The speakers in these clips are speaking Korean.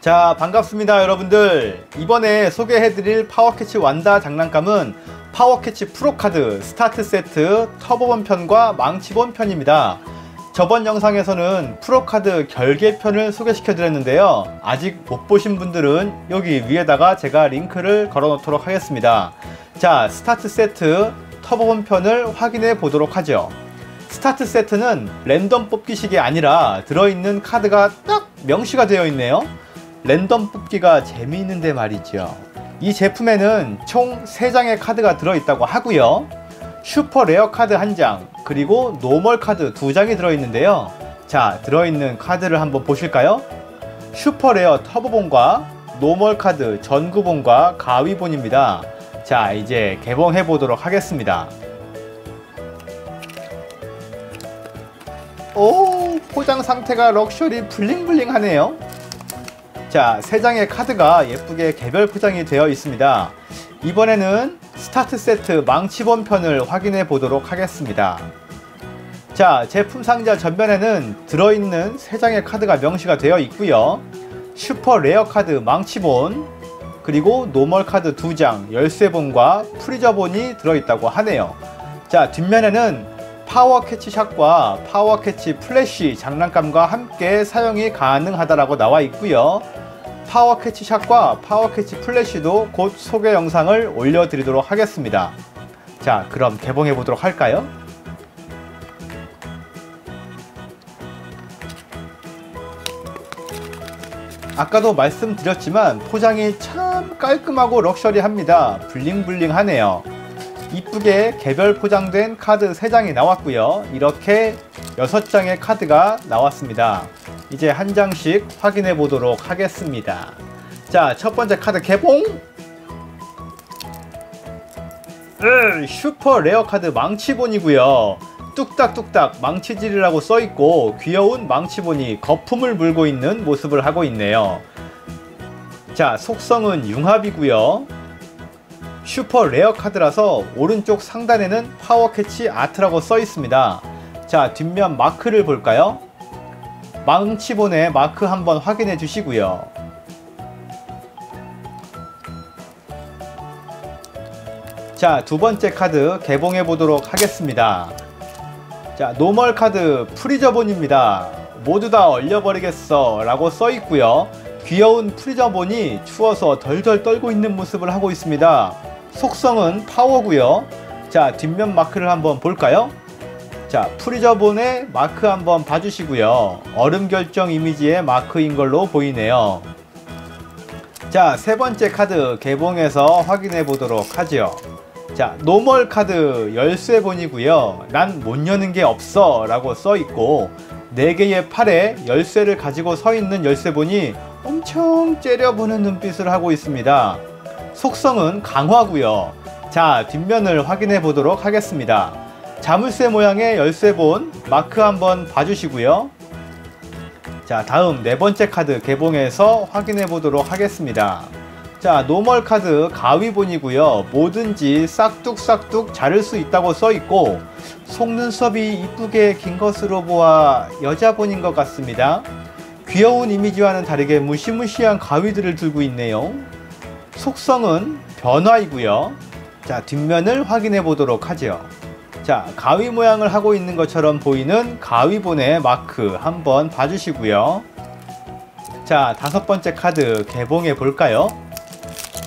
자 반갑습니다 여러분들 이번에 소개해드릴 파워캐치 완다 장난감은 파워캐치 프로카드 스타트 세트 터보본 편과 망치본 편입니다 저번 영상에서는 프로카드 결계편을 소개시켜 드렸는데요 아직 못 보신 분들은 여기 위에다가 제가 링크를 걸어 놓도록 하겠습니다 자 스타트 세트 터보본 편을 확인해 보도록 하죠 스타트 세트는 랜덤 뽑기식이 아니라 들어있는 카드가 딱 명시가 되어 있네요 랜덤 뽑기가 재미있는데 말이죠 이 제품에는 총 3장의 카드가 들어있다고 하고요 슈퍼 레어 카드 1장 그리고 노멀 카드 2장이 들어있는데요 자 들어있는 카드를 한번 보실까요? 슈퍼 레어 터보본과 노멀 카드 전구본과 가위본입니다 자 이제 개봉해 보도록 하겠습니다 오 포장 상태가 럭셔리 블링블링 하네요 자, 세 장의 카드가 예쁘게 개별 포장이 되어 있습니다. 이번에는 스타트 세트 망치본 편을 확인해 보도록 하겠습니다. 자, 제품 상자 전면에는 들어있는 세 장의 카드가 명시가 되어 있고요. 슈퍼 레어 카드 망치본, 그리고 노멀 카드 2장, 열쇠본과 프리저본이 들어있다고 하네요. 자, 뒷면에는 파워 캐치샷과 파워 캐치 플래시 장난감과 함께 사용이 가능하다라고 나와 있고요. 파워 캐치샷과 파워 캐치 플래시도 곧 소개 영상을 올려드리도록 하겠습니다. 자, 그럼 개봉해 보도록 할까요? 아까도 말씀드렸지만 포장이 참 깔끔하고 럭셔리합니다. 블링블링하네요. 이쁘게 개별 포장된 카드 3장이 나왔고요 이렇게 6장의 카드가 나왔습니다 이제 한 장씩 확인해 보도록 하겠습니다 자 첫번째 카드 개봉 으, 음, 슈퍼 레어 카드 망치본이고요 뚝딱뚝딱 망치질이라고 써있고 귀여운 망치본이 거품을 물고 있는 모습을 하고 있네요 자 속성은 융합이고요 슈퍼 레어 카드라서 오른쪽 상단에는 파워 캐치 아트라고 써 있습니다. 자 뒷면 마크를 볼까요? 망치본의 마크 한번 확인해 주시고요. 자 두번째 카드 개봉해 보도록 하겠습니다. 자 노멀 카드 프리저본입니다. 모두 다 얼려버리겠어 라고 써 있고요. 귀여운 프리저본이 추워서 덜덜 떨고 있는 모습을 하고 있습니다. 속성은 파워구요자 뒷면 마크를 한번 볼까요 자 프리저본의 마크 한번 봐주시고요 얼음 결정 이미지의 마크인 걸로 보이네요 자세 번째 카드 개봉해서 확인해 보도록 하죠 자 노멀 카드 열쇠본이구요난 못 여는 게 없어 라고 써 있고 4개의 팔에 열쇠를 가지고 서 있는 열쇠본이 엄청 째려보는 눈빛을 하고 있습니다 속성은 강화구요자 뒷면을 확인해 보도록 하겠습니다 자물쇠 모양의 열쇠본 마크 한번 봐주시고요 자 다음 네 번째 카드 개봉해서 확인해 보도록 하겠습니다 자 노멀 카드 가위본이구요 뭐든지 싹둑싹둑 자를 수 있다고 써 있고 속눈썹이 이쁘게 긴 것으로 보아 여자본인 것 같습니다 귀여운 이미지와는 다르게 무시무시한 가위들을 들고 있네요 속성은 변화이고요. 자, 뒷면을 확인해 보도록 하죠. 자, 가위 모양을 하고 있는 것처럼 보이는 가위본의 마크 한번 봐주시고요. 자, 다섯 번째 카드 개봉해 볼까요?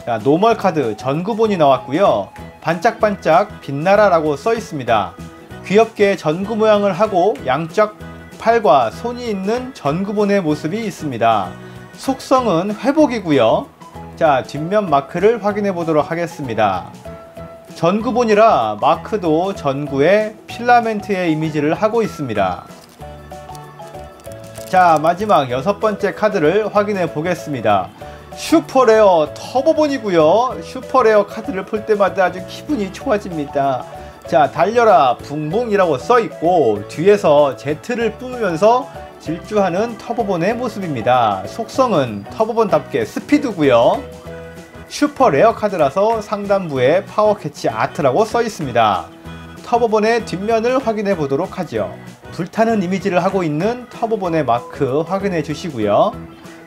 자, 노멀 카드 전구본이 나왔고요. 반짝반짝 빛나라라고 써 있습니다. 귀엽게 전구 모양을 하고 양쪽 팔과 손이 있는 전구본의 모습이 있습니다. 속성은 회복이고요. 자 뒷면 마크를 확인해 보도록 하겠습니다 전구본이라 마크도 전구에 필라멘트의 이미지를 하고 있습니다 자 마지막 여섯 번째 카드를 확인해 보겠습니다 슈퍼레어 터보본이고요 슈퍼레어 카드를 풀 때마다 아주 기분이 좋아집니다 자 달려라 붕붕이라고 써있고 뒤에서 Z를 뿜으면서 질주하는 터보본의 모습입니다. 속성은 터보본답게 스피드고요. 슈퍼 레어 카드라서 상단부에 파워 캐치 아트라고 써 있습니다. 터보본의 뒷면을 확인해 보도록 하죠. 불타는 이미지를 하고 있는 터보본의 마크 확인해 주시고요.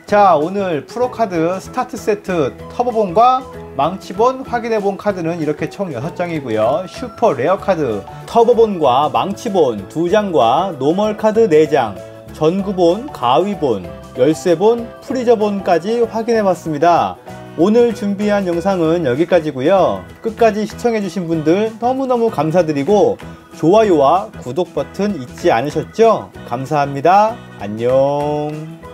자 오늘 프로카드 스타트 세트 터보본과 망치본 확인해본 카드는 이렇게 총6장이구요 슈퍼 레어 카드 터보본과 망치본 2장과 노멀 카드 4장 전구본, 가위본, 열쇠본, 프리저본까지 확인해 봤습니다. 오늘 준비한 영상은 여기까지고요. 끝까지 시청해주신 분들 너무너무 감사드리고 좋아요와 구독 버튼 잊지 않으셨죠? 감사합니다. 안녕.